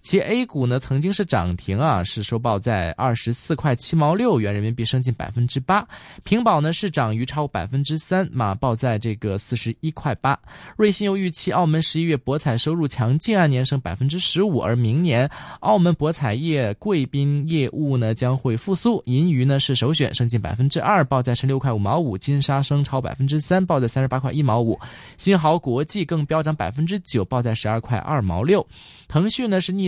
其 A 股呢曾經是漲停啊，是收報在二十四塊七毛六元人民幣，升近百分之八。平保呢是漲逾超百分之三，嘛報在這個四十一塊八。瑞信又預期澳門十一月博彩收入強勁，按年升百分之十五，而明年澳門博彩業貴賓業，業務呢將會復甦，銀娛呢是首選，升近百分之二，報在十六塊五毛五。金沙升超百分之三，報在三十八塊一毛五。新濠國際更飆漲百分之九，報在十二塊二毛六。騰訊呢是逆。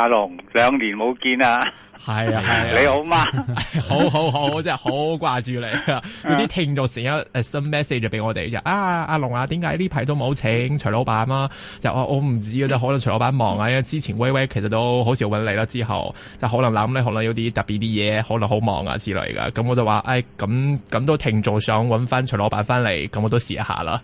阿龍兩年冇見，係啊，係啊，你好嘛？ 好好好， 真係好掛住你啊！啲 聽眾成日 send message 俾我哋就係、啊，阿龍啊，點解呢排都冇請徐老闆啊？就我我唔知啊，就可能徐老闆忙啊，嗯、因為之前威威其實都好少揾你啦，之後就可能諗咧，可能有啲特別啲嘢，可能好忙啊之類噶，咁我就話誒，咁、哎、咁都聽眾想揾翻徐老闆翻嚟，咁我都試一下啦。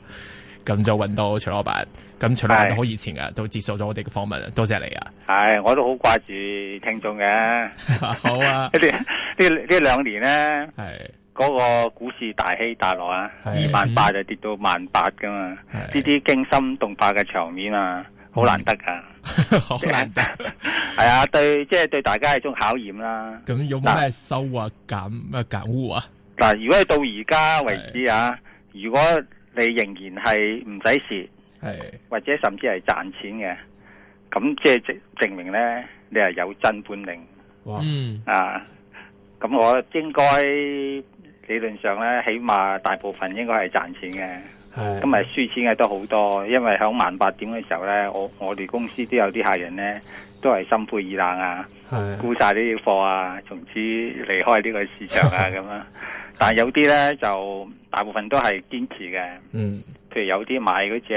咁就揾到徐老闆，咁徐老闆好熱情啊都接受咗我哋嘅訪問，多謝，謝你啊！係，我都好掛住聽眾嘅。 好啊， 兩年呢呢呢兩年咧，係嗰是個股市大起大落啊，是二萬八就跌到萬八噶嘛，呢啲驚心動魄嘅場面啊，好、嗯、難得噶，好難得。係啊，對，即、就、係、是、對大家一種考驗啦。咁有冇咩收穫感咩感悟啊？但、啊啊、如果到而家為止啊，是如果。你仍然係唔使蝕，係或者甚至係賺錢嘅，咁即係證證明咧，你係有真本領。嗯哇啊，咁我應該理論上咧，起碼大部分應該係賺錢嘅。係的，咁咪輸錢嘅都好多，因為響晚八點嘅時候咧，我我哋公司都有啲客人咧。都係心灰意冷啊，沽晒啲貨啊，從此離開呢個市場啊咁、 啊、但係有啲咧就大部分都係堅持嘅，嗯，譬如有啲買嗰隻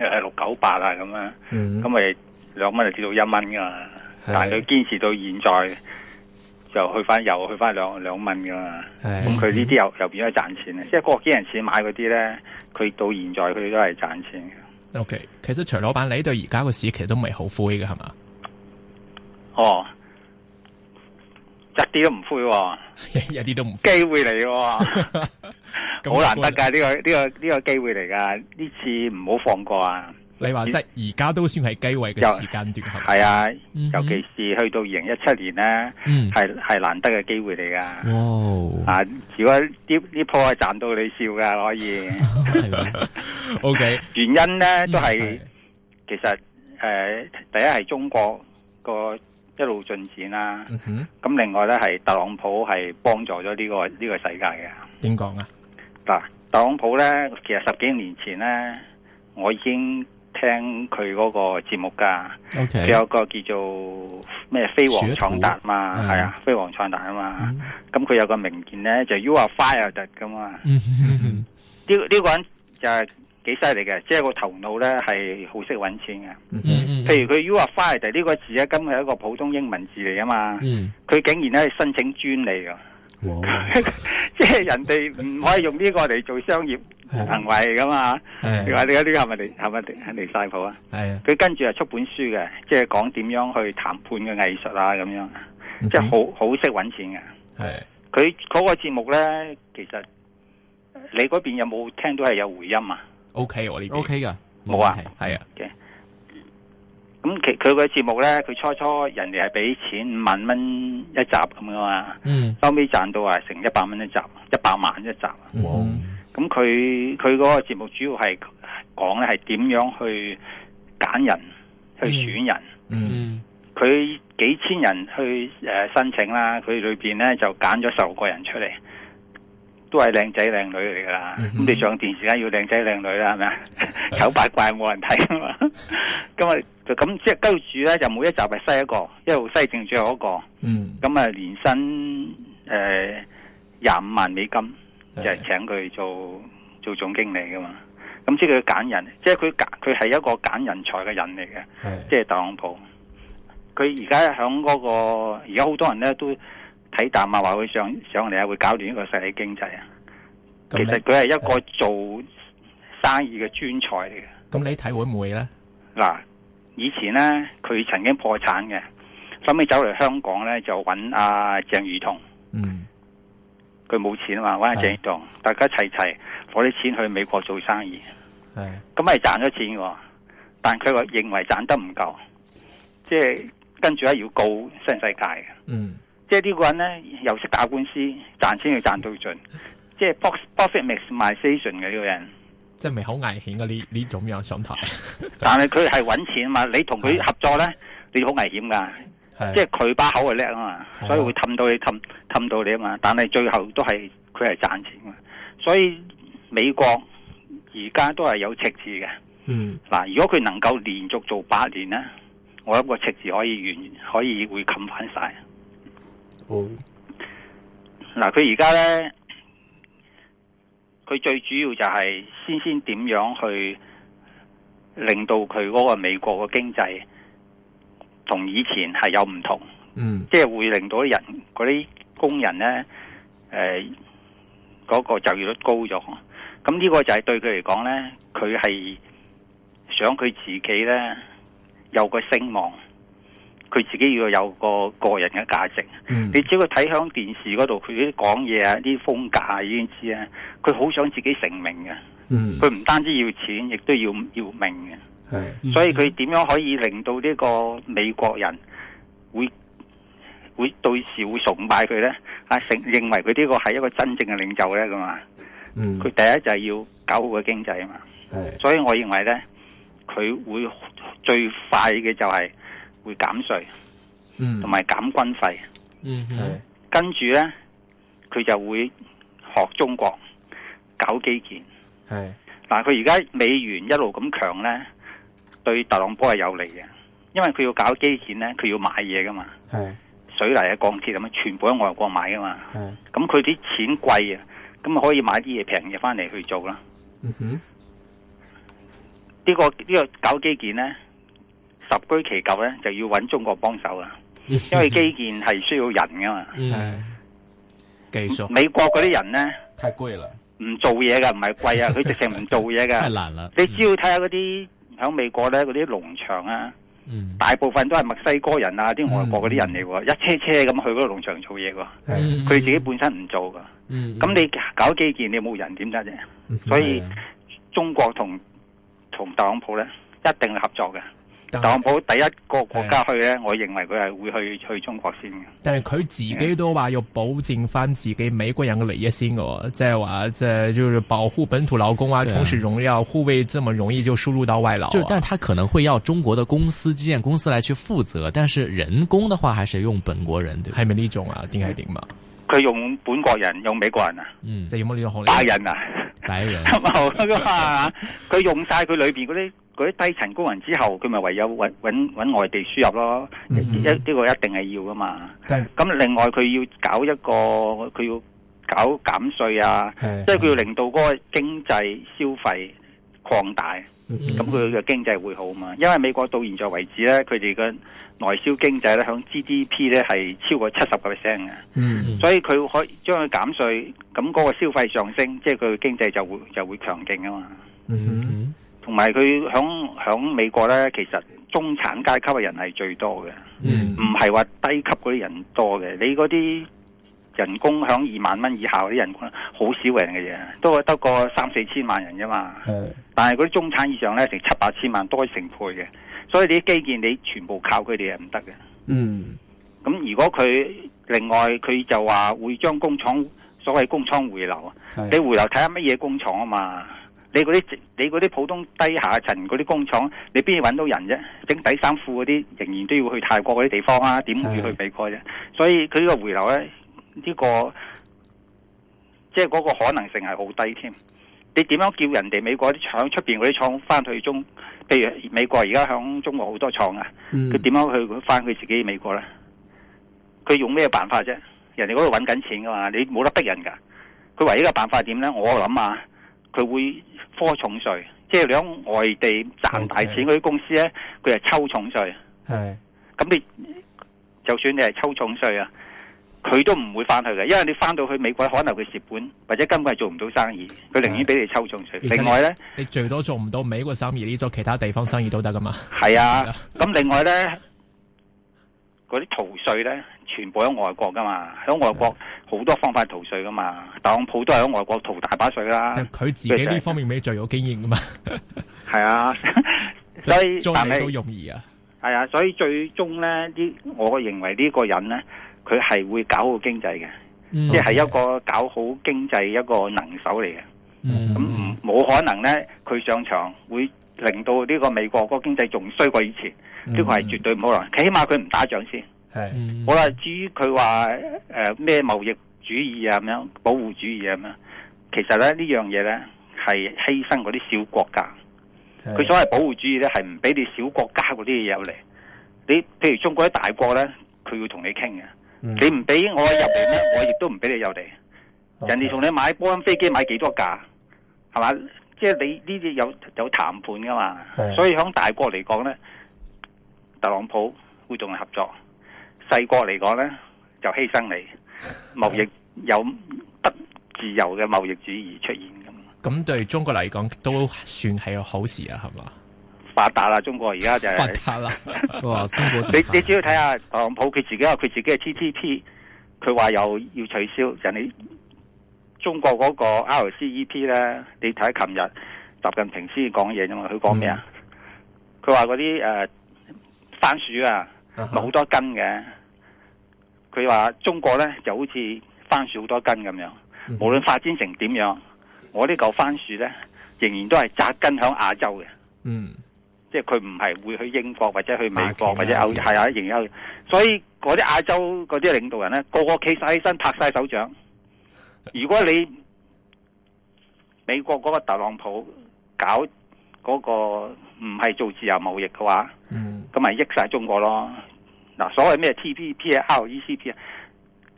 誒誒六九八啊咁咁咪兩蚊就跌到一蚊噶嘛，是的 但係佢堅持到現在，就去翻、啊、是的 又去翻兩兩蚊噶嘛。咁佢呢啲又又變咗賺錢啊！嗯、即係嗰幾人錢買嗰啲咧，佢到現在佢都係賺錢 O、okay, K，其實徐老闆你對而家個市其實都唔係好灰嘅係嘛？是哦，一啲都唔灰、哦 一，一啲都唔機會嚟、哦，好 難得噶呢、 呢個呢、呢個呢、呢個機會嚟噶，呢次唔好放過啊！你話即而家都算係機會嘅時間段，係啊，尤其是去到二零一七年咧，係係、嗯、難得嘅機會嚟噶。哦，啊，如果啲啲破係賺到你笑噶可以，OK。原因咧都係其實誒、呃，第一係中國個一路進展啦，咁、嗯、另外咧係特朗普係幫助咗呢個呢個世界嘅。點講啊？嗱，特朗普咧，這個這個啊，其實十幾年前咧，我已經。聽佢嗰個節目噶，Okay，佢有個叫做咩飛黃創達嘛，係啊，飛黃創達啊嘛，咁佢有個名件咧就 You are fired 㗎嘛，呢呢個人就係幾犀利嘅，即係個頭腦咧係好識搵錢嘅。譬如佢 You are fired 呢個字咧，根本係一個普通英文字嚟啊嘛，佢竟然咧申請專利噶，即係人哋唔可以用呢個嚟做商業。行為噶嘛？你話你呢啲係咪嚟？係咪嚟？嚟晒譜啊！係啊，佢跟住係出本書嘅，即係講點樣去談判嘅藝術啊，咁樣，即係好好識搵錢嘅。係佢嗰個節目咧，其實你嗰邊有冇聽到係有回音啊？O K，我呢邊 O K 噶，冇啊，係啊嘅。咁其佢個節目咧，佢初初人哋係俾錢五萬蚊一集咁啊嘛，收尾賺到係成一百蚊一集，一百萬一集冇。咁佢佢嗰個節目主要係講咧，係點樣去揀人去選人，嗯，佢、嗯、幾千人去誒申請啦，佢裏邊咧就揀咗十個人出嚟，都係靚仔靚女嚟噶啦，咁、嗯嗯嗯、你上電視梗要靚仔靚女啦，係咪啊？ 醜八怪冇人睇㗎嘛，咁啊咁即係跟住咧就每一集係篩一個，一路篩剩最後一個，嗯，咁啊年薪誒廿五萬美金。是就係請佢做做總經理噶嘛，咁即係佢揀人，即係佢揀佢係一個揀人才嘅人嚟嘅，即係的特朗普。佢而家響嗰個而家好多人咧都睇淡啊，話會上上嚟啊，會搞掂一個實體經濟啊。你其實佢係一個做生意嘅專才嚟嘅。咁你睇會唔會咧？嗱，以前咧佢曾經破產嘅，後尾走嚟香港咧就搵阿鄭裕彤。如嗯。佢冇錢啊嘛，搵阿鄭裕彤，的大家齊齊攞啲錢去美國做生意，咁係的賺咗錢嘅，但佢話認為賺得唔夠，即係跟住咧要告新世界嘅。嗯，即係呢個人咧又識打官司，賺錢要賺到盡，嗯、即係 profit maximization 嘅呢個人，即係咪好危險嘅呢呢種樣心態？想 但係佢係揾錢啊嘛，你同佢合作咧，嗯、你好危險噶。是即係佢把口係叻啊嘛，所以會氹到你氹氹到你啊嘛，但係最後都係佢係賺錢嘅，所以美國而家都係有赤字嘅。嗯，嗱，如果佢能夠連續做八年咧，我諗個赤字可以完可以會冚翻晒。哦、嗯，嗱，佢而家咧，佢最主要就係先先點樣去令到佢嗰個美國嘅經濟。同以前係有唔同，嗯、即係會令到啲人嗰啲工人咧，誒、呃，嗰、嗰個就業率高咗。咁呢個就係對佢嚟講咧，佢係想佢自己咧有個聲望，佢自己要有個個人嘅價值。嗯、你只要睇響電視嗰度，佢啲講嘢啊，啲風格啊，已經知呀，佢好想自己成名嘅，佢唔、嗯、單止要錢，亦都要要命嘅。所以佢點樣可以令到呢個美國人會會到時會崇拜佢咧？啊，成認為佢呢個係一個真正嘅領袖咧，咁嗯，佢第一就係要搞好個經濟啊嘛，係、嗯，所以我認為咧，佢會最快嘅就係會減稅，嗯，同埋減軍費，嗯哼，嗯哼跟住咧，佢就會學中國搞基建，係、嗯，嗱、嗯，佢而家美元一路咁強咧。對特朗普係有利嘅，因為佢要搞基建呢，佢要買嘢噶嘛，水泥啊、鋼鐵咁樣，全部喺外國買噶嘛。咁佢啲錢貴啊，咁可以買啲嘢平嘢翻嚟去做啦。呢、嗯呢個呢、呢個搞基建呢，十居其九呢，就要揾中國幫手啊，因為基建係需要人噶嘛，技術、嗯。美國嗰啲人呢，太貴啦，唔做嘢噶，唔係貴啊，佢直情唔做嘢噶。太難啦。你只、嗯、要睇下嗰啲。喺美國咧，嗰啲農場啊，嗯、大部分都係墨西哥人啊，啲外國嗰啲人嚟喎，嗯嗯、一車車咁去嗰個農場做嘢喎，佢、嗯、自己本身唔做噶，咁、嗯嗯、你搞基建你冇人點得啫，以嗯、所以、嗯、中國同同特朗普咧一定係合作嘅。但特朗普第一個國家去咧，哎、呀我認為佢係會去去中國先嘅。但係佢自己都話要保證翻自己美國人嘅利益先喎，即係話即係就係保護本土勞工啊，重視榮耀，唔會咁容易就輸入到外勞，啊。就，但他可能會要中國嘅公司、基建公司嚟去負責，但係人工嘅話，還是用本國人，對，係咪呢種啊，定係點啊，佢用本國人，用美國人啊，嗯，即係有冇呢種？白人啊，白人，冇啊嘛，佢用晒佢裏邊嗰啲。喺低層工人之後，佢咪唯有搵搵搵外地輸入咯，一呢、嗯嗯、個一定係要噶嘛。咁、嗯、另外佢要搞一個，佢要搞減稅啊，即係佢要令到嗰個經濟消費擴大，咁佢嘅經濟會好嘛。因為美國到現在為止咧，佢哋嘅內銷經濟咧，響 GDP 咧係超過七十個 percent 嘅，的嗯嗯所以佢可以將佢減稅，咁嗰個消費上升，即係佢嘅經濟就會就會強勁啊嘛。嗯嗯同埋佢喺喺美國咧，其實中產階級嘅人係最多嘅，唔係話低級嗰啲人多嘅。你嗰啲人工響二萬蚊以下嗰啲人工，好少人嘅嘢，都係得個三四千萬人啫嘛。的但係嗰啲中產以上咧，成七八千萬多成倍嘅。所以啲基建你全部靠佢哋，係唔得嘅。嗯，咁如果佢另外佢就話會將工廠所謂工廠回流，的你回流睇下乜嘢工廠啊嘛。你嗰啲，你嗰啲普通低下層嗰啲工廠，你邊要揾到人啫？整底衫褲嗰啲，仍然都要去泰國嗰啲地方啊，點會去美國啫？是的 所以佢呢個回流咧，呢個即係嗰個可能性係好低添。你點樣叫人哋美國啲廠出面嗰啲廠翻去中？譬如美國而家響中國好多廠啊，佢點樣去翻佢自己美國咧？佢用咩辦法啫？人哋嗰度揾緊錢噶嘛，你冇得逼人噶。佢唯一嘅辦法係點咧？我諗啊～佢會科重稅，即係你喺外地賺大錢嗰啲公司咧，佢係的抽重稅。係的，咁你就算你係抽重稅啊，佢都唔會翻去嘅，因為你翻到去美國可能佢蝕本，或者根本係做唔到生意，佢寧願俾你抽重稅。的另外咧，你最多做唔到美國生意，你做其他地方生意都得噶嘛。係啊，咁另外咧，嗰啲逃稅咧。全部喺外國噶嘛，喺外國好多方法逃稅噶嘛，特朗普都係喺外國逃大把稅啦。佢自己呢方面咪最有經驗噶嘛，係啊的， 所以但嘢都容易啊。係啊，所以最終咧，呢我認為呢個人咧，佢係會搞好經濟嘅，即係、嗯、一個搞好經濟一個能手嚟嘅。咁冇、嗯、可能咧，佢上場會令到呢個美國嗰個經濟仲衰過以前，呢個係絕對唔可能。起碼佢唔打仗先。係，是嗯、好啦。至於佢話誒咩貿易主義啊，咁樣保護主義啊，咁樣，其實咧呢這樣嘢咧係犧牲嗰啲小國家。佢是所謂保護主義咧係唔俾你小國家嗰啲嘢入嚟。你譬如中國啲大國咧，佢會同你傾嘅，嗯、你唔俾我入嚟咧，我亦都唔俾你入嚟。okay. 人哋同你買波音飛機買幾多架，係嘛？即係你呢啲有有談判噶嘛？所以響大國嚟講咧，特朗普會同你合作。細國嚟講咧，就犧牲你貿易有不自由嘅貿易主義出現咁。咁、嗯、對中國嚟講，都算係個好事啊，係嘛？發達啦，中國而家就係、是、發達啦。哇，中國！ 你你只要睇下特朗普佢自己話佢自己係 T T P，佢話又要取消，就是、你中國嗰個 R C E P 咧，你睇琴日習近平先講嘢啫嘛？佢講咩啊？佢話嗰啲誒番薯啊，咪好、uh huh. 多根嘅。佢話中國咧就好似番薯好多根咁樣，無論發展成點樣，我呢嚿番薯咧仍然都係扎根響亞洲嘅。嗯，即係佢唔係會去英國或者去美國騎或者歐係啊，仍然有。所以嗰啲亞洲嗰啲領導人咧，個個企晒起身拍晒手掌。如果你美國嗰個特朗普搞嗰個唔係做自由貿易嘅話，咁咪益晒中國咯。所謂咩 T P P 啊、R C E P 啊，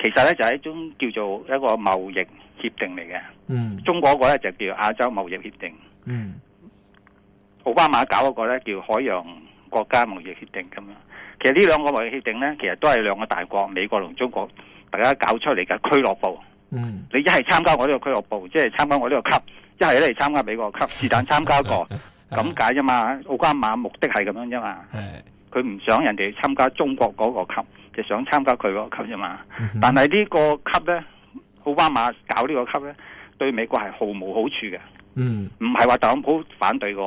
其實咧就係一種叫做一個貿易協定嚟嘅。嗯，中國個咧就叫亞洲貿易協定。嗯，奧巴馬搞嗰個咧叫海洋國家貿易協定咁樣。其實這兩貿呢兩個貿易協定咧，其實都係兩個大國，美國同中國，大家搞出嚟嘅俱樂部。嗯，你一係參加我呢個俱樂部，即係參加我呢個級；一係咧參加美國級，是但參加一個咁解啫嘛。奧 巴馬目的係咁樣啫嘛。 佢唔想人哋參加中國嗰個級，就想參加佢嗰個級啫嘛。嗯、哼但係呢個級呢，奧巴馬搞呢個級呢，對美國係毫無好處嘅。嗯，唔係話特朗普反對嘅，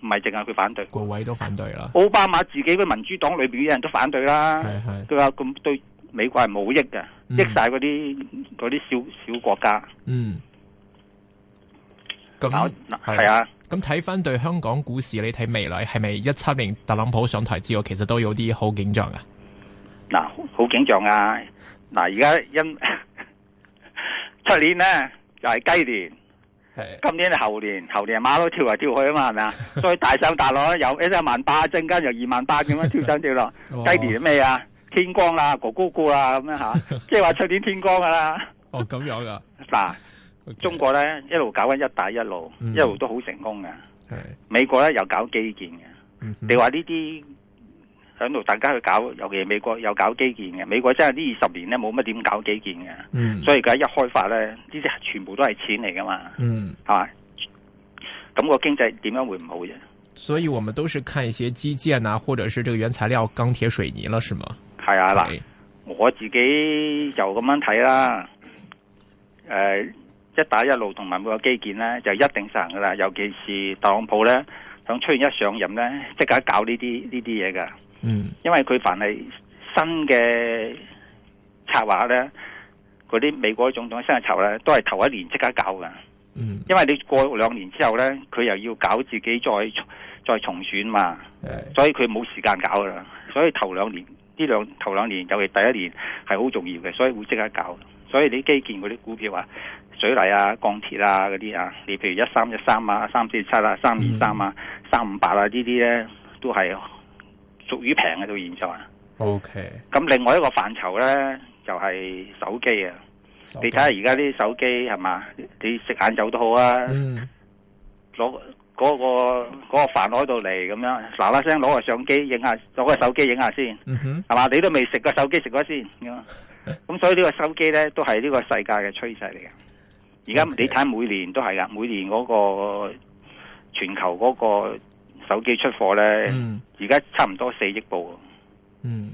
唔係淨係佢反對，各位都反對啦。奧巴馬自己嘅民主黨裏面啲人都反對啦，對話咁是對美國係冇益嘅，嗯、益晒嗰啲啲小小國家。嗯，咁係啊。咁睇翻對香港股市，你睇未來係咪一七年特朗普上台之後，其實都有啲好景象啊？嗱，好景象啊！嗱、啊，而家因出年咧就係、是、雞年，係是今年係猴年，猴年馬騮跳嚟跳去啊嘛，係咪啊？ 所以大升大落，有一萬八，一陣間又二萬八咁樣跳上跳落。雞、 哦、年咩啊？天光啦，哥哥哥啦，咁樣吓，即係話出年天光噶啦。 哦，咁樣噶嗱。啊中國咧一路搞緊一帶一路，嗯、一路都好成功嘅。是美國咧又搞基建嘅，嗯、哼你話呢啲響度大家去搞，尤其美國又搞基建嘅。美國真係呢二十年咧冇乜點搞基建嘅，嗯、所以而家一開發咧，呢啲全部都係錢嚟噶嘛，係咁、嗯咁個經濟點樣會唔好啫？所以我們都是看一些基建啊，或者是這個原材料鋼鐵水泥了，是嗎？係啊，嗱是，我自己就咁樣睇啦，誒、呃。一打一路同埋每個基建呢就一定賺噶啦，尤其是特朗普呢，等出現一上任呢，即刻搞呢啲呢啲嘢噶。嗯，因為佢凡係新嘅策劃呢，嗰啲美國總統的新一籌呢，都係頭一年即刻搞噶。嗯，因為你過兩年之後呢，佢又要搞自己再再重選嘛。的所以佢冇時間搞噶啦，所以頭兩年呢兩頭兩年尤其第一年係好重要嘅，所以會即刻搞。所以你基建嗰啲股票啊。水泥啊、鋼鐵啊嗰啲啊，你譬如一三一三啊、三四七啊、三二三啊、三五八啊呢啲咧，這些都係屬於平嘅到現在。OK. 咁另外一個範疇咧就係、是、手機啊，動你睇下而家啲手機係嘛？你食晏晝都好啊，攞嗰、嗯那個嗰飯攞到嚟咁樣嗱嗱聲攞個相機影下，攞個手機影下先，係嘛、嗯哼？你都未食 個手機食開先咁，咁所以呢個手機咧都係呢個世界嘅趨勢嚟嘅。而家 Okay. 你睇每年都係噶，每年嗰個全球嗰個手機出貨咧，而家差唔多四億部，嗯，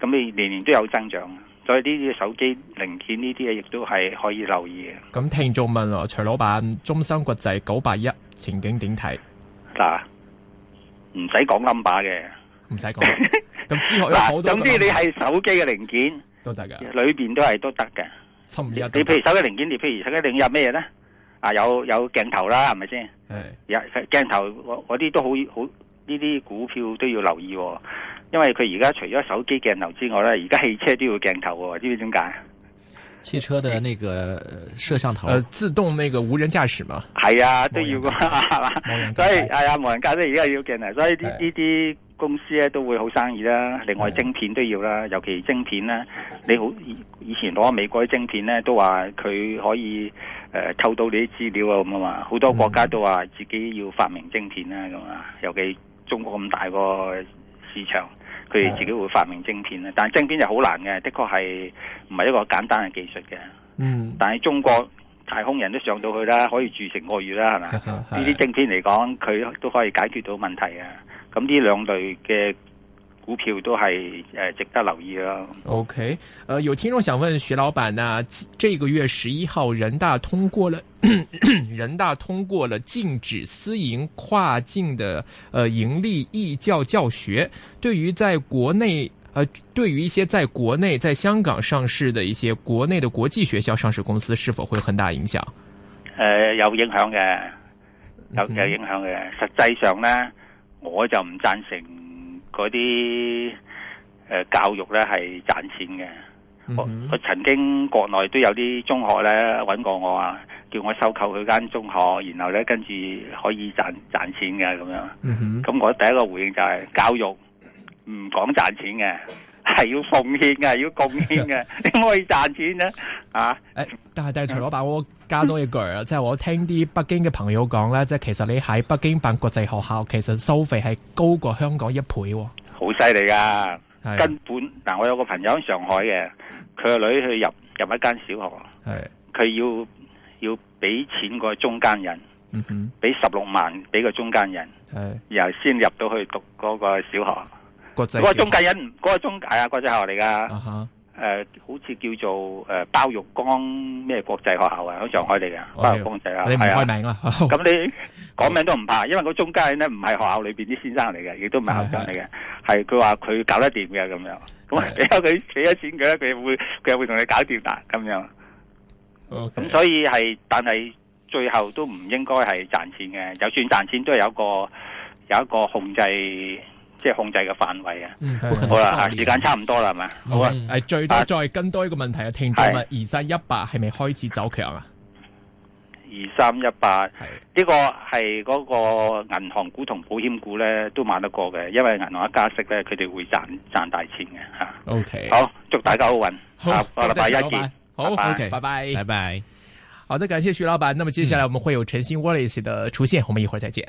咁、嗯、你年年都有增長，所以呢啲手機零件呢啲嘢亦都係可以留意嘅。咁聽眾問啊，徐老闆，中芯國際九八一前景點睇？嗱，唔使講 number 嘅，唔使講。咁知 總之你係手機嘅零件都得噶，裏邊都係都得嘅。差不多了，你譬如手機零件，你譬如手機零件有咩嘢咧？啊，有有鏡頭啦，係咪先？誒、哎，有鏡頭嗰啲都好好，呢啲股票都要留意，哦，因為佢而家除咗手機鏡頭之外咧，而家汽車都要鏡頭喎，哦，知唔知點解？汽車嘅那個攝像頭，呃，自動那個無人駕駛嘛？係啊，哎，都要噶， 所以係啊，哎，無人駕駛而家要鏡頭，所以呢呢啲。哎公司咧都會好生意啦，另外晶片都要啦，是的 尤其晶片啦。你好以以前攞美國啲晶片咧，都話佢可以誒、呃、透到你啲資料啊咁啊嘛，好多國家都話自己要發明晶片啦咁啊，嗯、尤其中國咁大個市場，佢哋自己會發明晶片咧，是的 但係晶片就好難嘅，的確係唔係一個簡單嘅技術嘅。嗯，但係中國太空人都上到去啦，可以住成個月啦，係嘛？呢啲是的 晶片嚟講，佢都可以解決到問題啊。咁呢兩類嘅股票都係誒值得留意啦。OK，呃，有聽眾想問徐老闆呢、啊、這個月十一號人大通過了，咳咳，人大通過了禁止私營跨境的呃盈利義教教學，對於在國內呃對於一些在國內在香港上市的一些國內的國際學校上市公司，是否會有很大影響？誒、呃、有影響嘅，有有影響嘅，實際上呢我就唔贊成嗰啲、呃、教育呢係賺錢嘅、mm hmm.。我曾經國內都有啲中學呢揾過我啊，叫我收購佢間中學，然後呢跟住可以賺賺錢嘅咁樣。咁、mm hmm. 我第一個回應就係、是、教育唔講賺錢嘅。係要奉獻，要獻 要啊，要貢獻啊，你可以賺錢咧？啊！誒，但係但係，徐老板，我加多一句啊，即係 我聽啲北京嘅朋友講咧，即、就、係、是、其實你喺北京辦國際學校，其實收費係高過香港一倍，哦，好犀利噶！的根本嗱、呃，我有個朋友喺上海嘅，佢個女兒去入入一間小學，係佢的要要俾錢個中間人，嗯哼，俾十六萬俾個中間人，係的然後先入到去讀嗰個小學。嗰個中介人，嗰個中介啊，國際學校嚟噶，誒，好似叫做誒包玉剛咩國際學校啊，喺上海嚟噶，包玉剛仔啊，你唔開名啦，咁你講名都唔怕，因為個中介人咧唔係學校裏邊啲先生嚟嘅，亦都唔係校長嚟嘅，係佢話佢搞得掂嘅咁樣，咁俾咗佢幾多錢佢咧，佢會佢又會同你搞掂啦，咁樣，咁所以係，但係最後都唔應該係賺錢嘅，就算賺錢都係有一個有一個控制。即係控制嘅範圍啊！好啦，時間差唔多啦，係嘛？好啊，最多再跟多一個問題啊！停止啦！二三一八係咪開始走強啊？二三一八係呢個係嗰個銀行股同保險股咧都買得過嘅，因為銀行一加息咧，佢哋會賺賺大錢嘅吓。O K，好，祝大家好運！好，拜拜，好拜拜，拜拜。好，再感謝徐老闆，那麼接下來我們會有陳新 Wallace 的出現，我們一會兒再見。